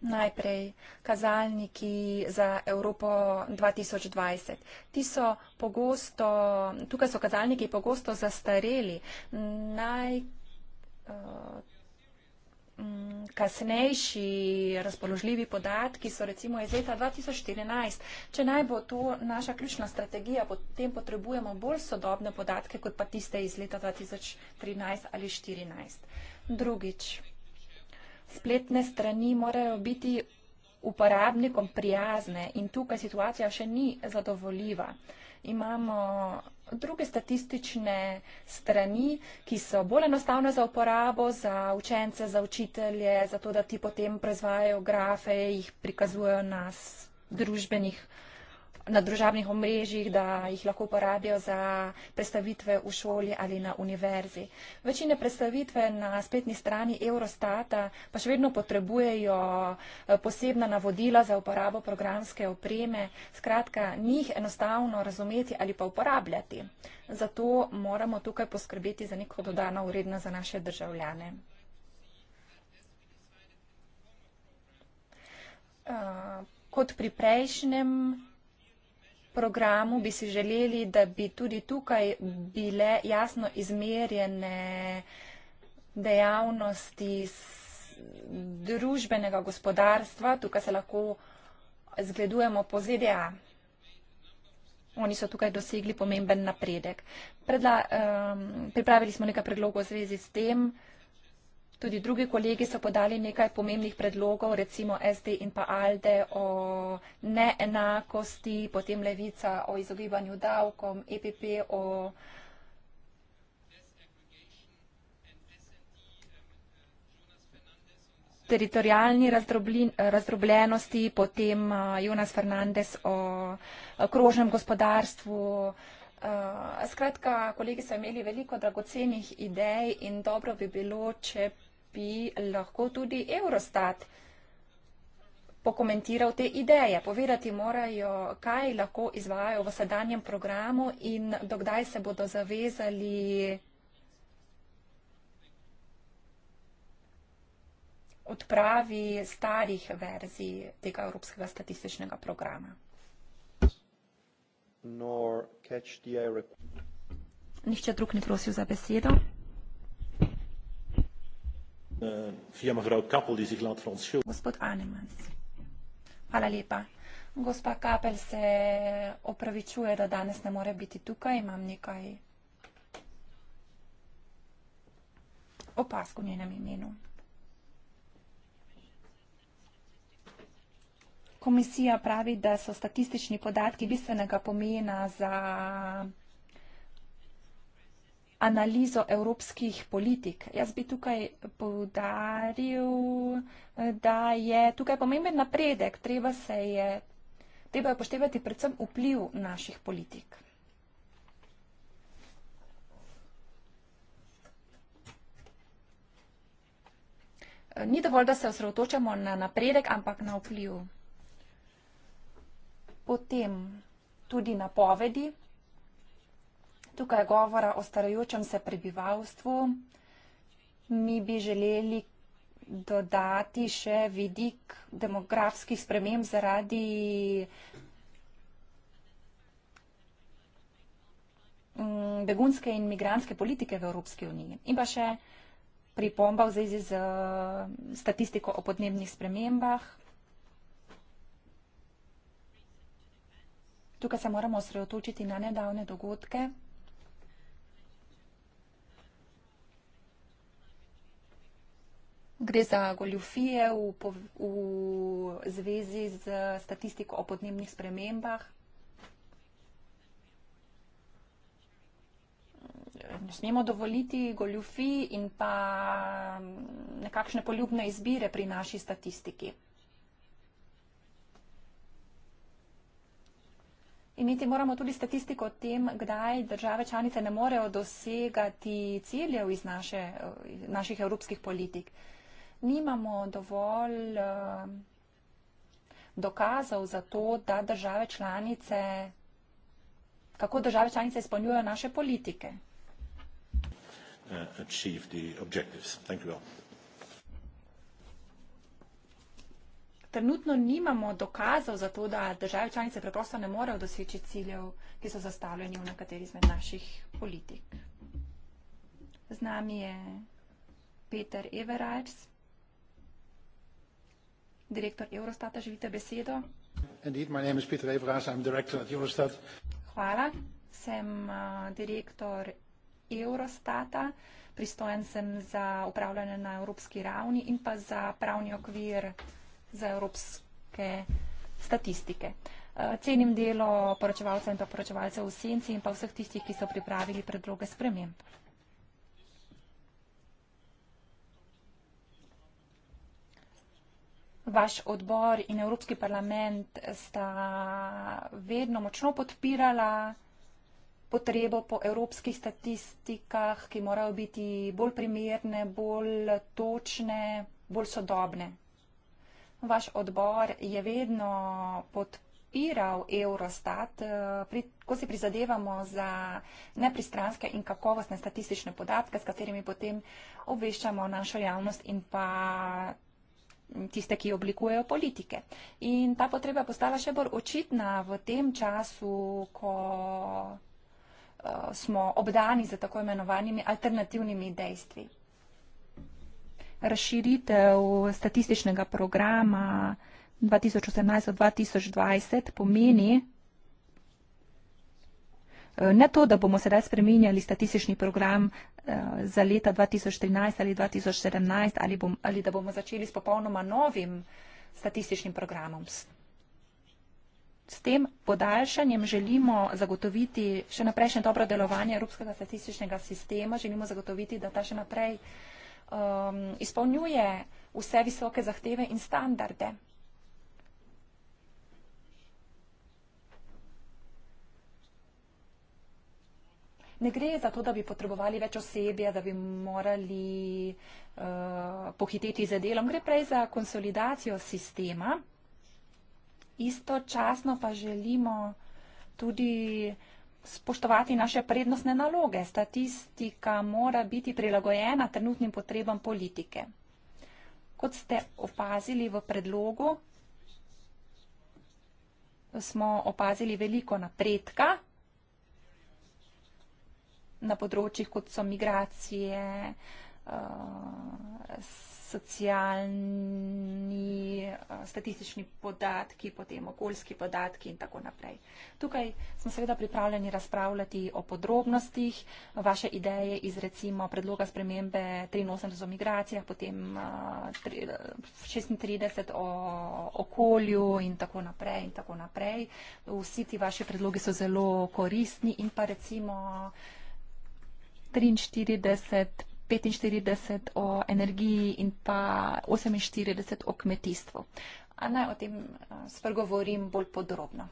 Najprej kazalniki za Evropo 2020. Ti so pogosto, tukaj so kazalniki pogosto zastareli. Naj, eh, kasnejši razpoložljivi podatki so recimo iz leta 2014. Če naj bo to naša ključna strategija, potem potrebujemo bolj sodobne podatke, kot pa tiste iz leta 2013 ali 2014. Drugič spletne strani morajo biti uporabnikom prijazne in tukaj situacija še ni zadovoljiva. Imamo druge statistične strani, ki so bolj enostavne za uporabo, za učence, za učitelje, zato da ti potem proizvajajo grafe, jih prikazujejo na družbenih uh, na družabnih omrežjih, da jih lahko uporabijo za predstavitve v šoli ali na univerzi. Večine predstavitve na spletni strani Eurostata pa še vedno potrebujejo eh, posebna navodila za uporabo programske opreme, skratka, njih enostavno razumeti ali pa uporabljati. Zato moramo tukaj poskrbeti za neko dodano uredno za naše državljane. Eh, kot pri prejšnjem programu bi si želeli, da bi tudi tukaj bile jasno izmerjene dejavnosti družbenega gospodarstva. Tukaj se lahko zgledujemo po ZDA. Oni so tukaj dosegli pomemben napredek. Predla, um, pripravili smo nekaj predlogov v zvezi s tem. Tudi drugi kolegi so podali nekaj pomembnih predlogov, recimo SD in pa ALDE o neenakosti, potem Levica o izogibanju davkom, EPP o teritorijalni razdrobljenosti, potem Jonas Fernandez o krožnem gospodarstvu. Skratka, kolegi so imeli veliko dragocenih idej in dobro bi bilo, če bi lahko tudi Eurostat pokomentiral te ideje. Povedati morajo, kaj lahko izvajajo v sedanjem programu in dokdaj se bodo zavezali odpravi starih verzij tega Evropskega statističnega programa. Nihče drug ni prosil za besedo. Eh, via mevrouw Kappel, die zich laat verontschuldigen. Gospod Animans. Hvala lepa. Gospa Kappel se opravičuje, da danes ne more biti tukaj. Imam nekaj opasko v njenem imenu. Komisija pravi, da so statistični podatki bistvenega pomena za analizo evropskih politik. Jaz bi tukaj povdaril, eh, da je tukaj pomemben napredek. Treba se je, treba je poštevati predvsem vpliv naših politik. Eh, ni dovolj, da se osredotočamo na napredek, ampak na vpliv. Potem tudi napovedi. Tukaj je govora o starajočem se prebivalstvu. Mi bi želeli dodati še vidik demografskih sprememb zaradi mm, begunske in migranske politike v Evropski uniji. In pa še pripomba v zvezi z eh, statistiko o podnebnih spremembah. Tukaj se moramo osredotočiti na nedavne dogodke. Gre za goljufije v, v zvezi z statistiko o podnebnih spremembah. Ne smemo dovoliti goljufi in pa nekakšne poljubne izbire pri naši statistiki. Imeti moramo tudi statistiko o tem, kdaj države članice ne morejo dosegati ciljev iz naše, naših evropskih politik nimamo dovolj eh, dokazov za to, da države članice, kako države članice izpolnjujejo naše politike. Uh, Trenutno nimamo dokazov za to, da države članice preprosto ne morejo doseči ciljev, ki so zastavljeni v nekateri izmed naših politik. Z nami je Peter Everajs, direktor Eurostata, želite besedo? Indeed, my name is Peter Evras, I'm director at Eurostat. Hvala, sem uh, direktor Eurostata, pristojen sem za upravljanje na evropski ravni in pa za pravni okvir za evropske statistike. Uh, cenim delo poročevalcev in pa poročevalcev v senci in pa vseh tistih, ki so pripravili predloge sprememb. Vaš odbor in Evropski parlament sta vedno močno podpirala potrebo po evropskih statistikah, ki morajo biti bolj primerne, bolj točne, bolj sodobne. Vaš odbor je vedno podpiral Eurostat, eh, ko si prizadevamo za nepristranske in kakovostne statistične podatke, s katerimi potem obveščamo našo javnost in pa tiste, ki oblikujejo politike. In ta potreba je postala še bolj očitna v tem času, ko eh, smo obdani za tako imenovanimi alternativnimi dejstvi. Razširitev statističnega programa 2018-2020 pomeni, Eh, ne to, da bomo sedaj spreminjali statistični program eh, za leta 2013 ali 2017 ali, bom, ali da bomo začeli s popolnoma novim statističnim programom. S tem podaljšanjem želimo zagotoviti še naprejšnje dobro delovanje Evropskega statističnega sistema, želimo zagotoviti, da ta še naprej um, izpolnjuje vse visoke zahteve in standarde. ne gre za to, da bi potrebovali več osebja, da bi morali uh, pohiteti za delom. Gre prej za konsolidacijo sistema. Istočasno pa želimo tudi spoštovati naše prednostne naloge. Statistika mora biti prilagojena trenutnim potrebam politike. Kot ste opazili v predlogu, smo opazili veliko napredka na področjih, kot so migracije, uh, socialni, uh, statistični podatki, potem okoljski podatki in tako naprej. Tukaj smo seveda pripravljeni razpravljati o podrobnostih, vaše ideje iz recimo predloga spremembe 83 o migracijah, potem uh, eh, 36 o okolju in tako naprej in tako naprej. Vsi ti vaši predlogi so zelo koristni in pa recimo 43, 45 o energiji in pa 48 o kmetijstvu. A naj o tem spregovorim bolj podrobno.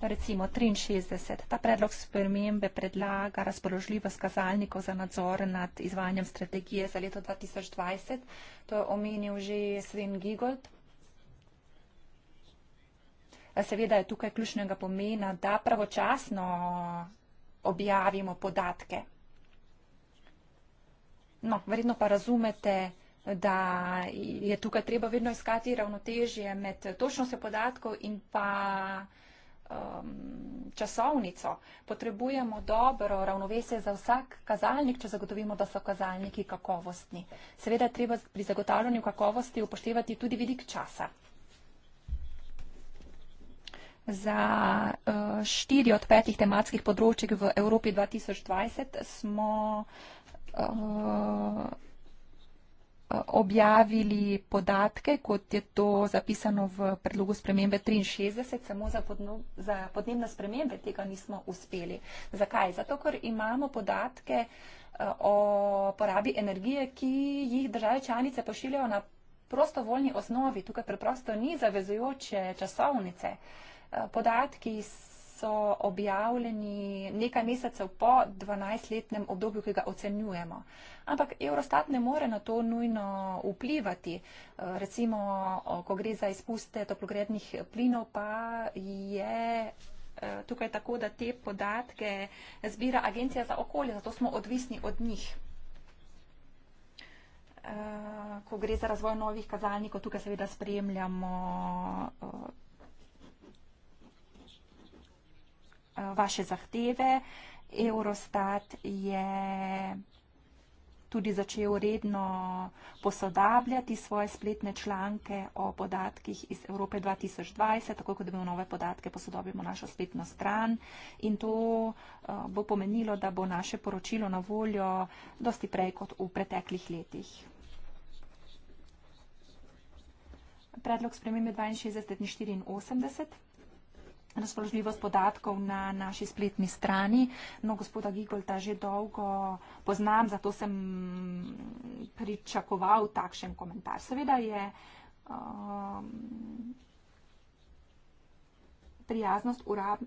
Recimo 63. Ta predlog spremembe predlaga razpoložljivost kazalnikov za nadzor nad izvajanjem strategije za leto 2020. To je omenil že Sven Gigold. Seveda je tukaj ključnega pomena, da pravočasno objavimo podatke. No, verjetno pa razumete, da je tukaj treba vedno iskati ravnotežje med točnostjo podatkov in pa um, časovnico. Potrebujemo dobro ravnovesje za vsak kazalnik, če zagotovimo, da so kazalniki kakovostni. Seveda je treba pri zagotavljanju kakovosti upoštevati tudi vidik časa za uh, štiri od petih tematskih področjih v Evropi 2020 smo uh, objavili podatke, kot je to zapisano v predlogu spremembe 63, samo za, podno, za podnebne spremembe tega nismo uspeli. Zakaj? Zato, ker imamo podatke uh, o porabi energije, ki jih države članice pošiljajo na prostovoljni osnovi. Tukaj preprosto ni zavezujoče časovnice. Uh, Eh, podatki so objavljeni nekaj mesecev po 12-letnem obdobju, ki ga ocenjujemo. Ampak Eurostat ne more na to nujno vplivati. Eh, recimo, ko gre za izpuste toplogrednih plinov, pa je eh, tukaj tako, da te podatke zbira Agencija za okolje, zato smo odvisni od njih. Ko gre za razvoj novih kazalnikov, tukaj seveda spremljamo vaše zahteve. Eurostat je tudi začel redno posodabljati svoje spletne članke o podatkih iz Evrope 2020, tako kot dobimo nove podatke, posodobimo našo spletno stran in to eh, bo pomenilo, da bo naše poročilo na voljo dosti prej kot v preteklih letih. Predlog spremembe 62 in 84 razpoložljivost podatkov na naši spletni strani. No, gospoda Gigolta že dolgo poznam, zato sem pričakoval takšen komentar. Seveda je um, prijaznost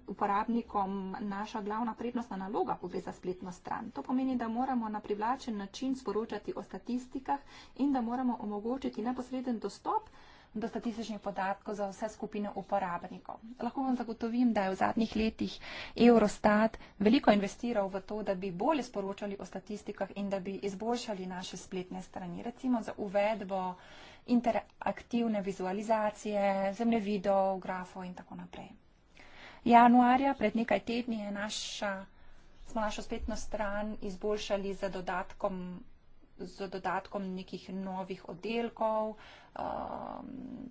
uporabnikom naša glavna prednostna naloga, ko gre za spletno stran. To pomeni, da moramo na privlačen način sporočati o statistikah in da moramo omogočiti neposreden dostop do statističnih podatkov za vse skupine uporabnikov. Lahko vam zagotovim, da je v zadnjih letih Eurostat veliko investiral v to, da bi bolje sporočali o statistikah in da bi izboljšali naše spletne strani. Recimo za uvedbo interaktivne vizualizacije, zemljevidov, grafov in tako naprej. Januarja, pred nekaj tedni, je naša, smo našo spletno stran izboljšali za dodatkom z dodatkom nekih novih oddelkov. Ehm,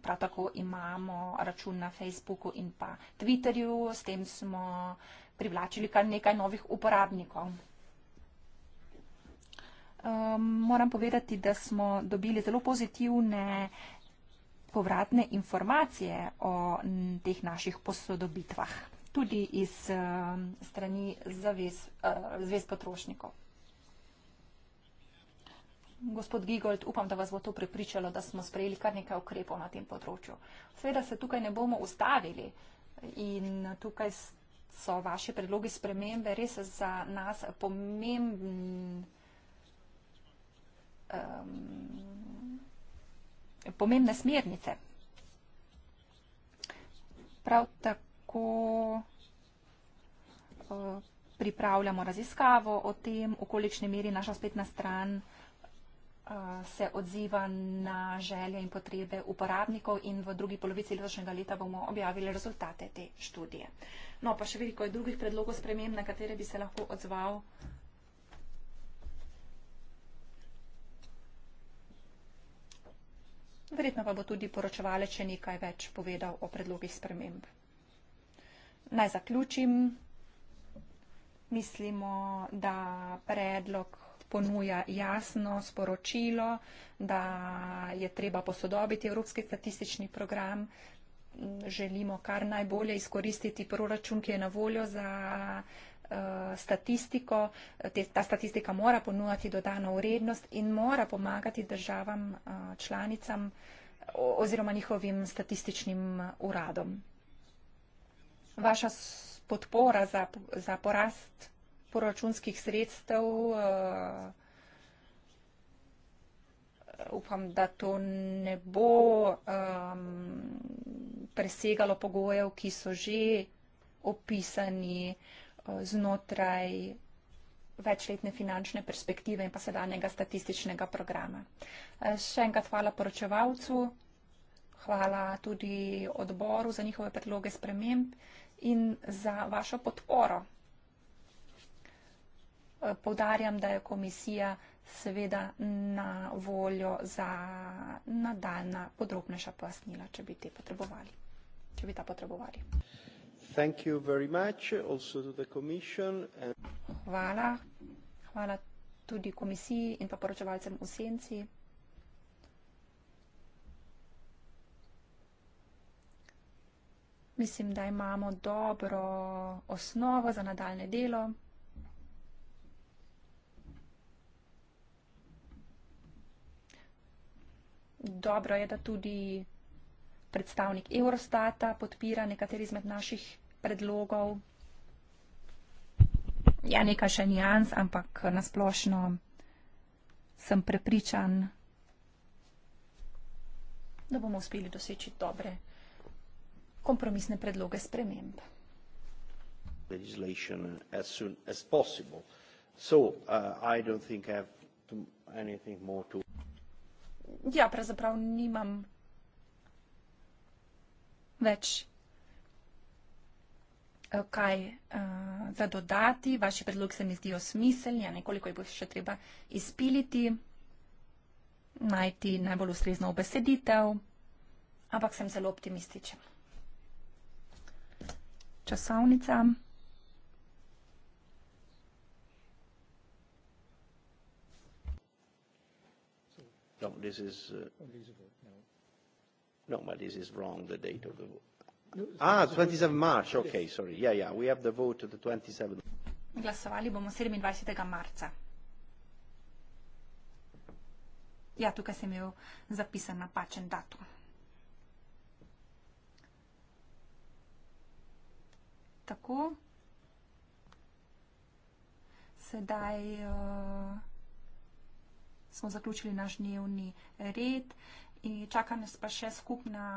prav tako imamo račun na Facebooku in pa Twitterju, s tem smo privlačili kar nekaj novih uporabnikov. Ehm, moram povedati, da smo dobili zelo pozitivne povratne informacije o teh naših posodobitvah, tudi iz ehm, strani eh, zvez potrošnikov. Gospod Gigold, upam, da vas bo to prepričalo, da smo sprejeli kar nekaj ukrepov na tem področju. Sveda se tukaj ne bomo ustavili in tukaj so vaše predlogi spremembe res za nas pomembni. Um, pomembne smernice. Prav tako uh, pripravljamo raziskavo o tem, v količni meri naša spetna stran uh, Eh, se odziva na želje in potrebe uporabnikov in v drugi polovici letošnjega leta bomo objavili rezultate te študije. No, pa še veliko je drugih predlogov sprememb, na katere bi se lahko odzval. Verjetno pa bo tudi poročevalec še nekaj več povedal o predlogih sprememb. Naj zaključim. Mislimo, da predlog ponuja jasno sporočilo, da je treba posodobiti Evropski statistični program. Želimo kar najbolje izkoristiti proračun, ki je na voljo za eh, statistiko. Ta statistika mora ponuditi dodano vrednost in mora pomagati državam eh, članicam oziroma njihovim statističnim eh, uradom. Vaša podpora za, za porast proračunskih sredstev. Eh, upam, da to ne bo um, presegalo pogojev, ki so že opisani eh, znotraj večletne finančne perspektive in pa sedanjega statističnega programa. Eh, še enkrat hvala poročevalcu, hvala tudi odboru za njihove predloge sprememb in za vašo podporo. Povdarjam, da je komisija seveda na voljo za nadaljna podrobnejša pojasnila, če bi te potrebovali. Če bi ta potrebovali. Much, and... Hvala. Hvala tudi komisiji in pa poročevalcem v senci. Mislim, da imamo dobro osnovo za nadaljne delo. dobro je, da tudi predstavnik Eurostata podpira nekateri izmed naših predlogov. Ja, nekaj še nijans, ampak nasplošno sem prepričan, da bomo uspeli doseči dobre kompromisne predloge sprememb. So, uh, to ja, pravzaprav nimam več eh, kaj uh, eh, zadodati. Vaši predlog se mi zdijo smiselni, a nekoliko jih bo še treba izpiliti, najti najbolj ustrezno obeseditev, ampak sem zelo optimističen. Časovnica. No, this is. Uh, no, but this is wrong, the date of the vote. Ah, 27 March, ok, sorry. Yeah, yeah, we have the vote of the 27th. Glasovali bomo 27. marca. Ja, tukaj sem imel zapisan napačen datum. Tako. Sedaj. Uh, smo zaključili naš dnevni red. In čaka nas pa še skupna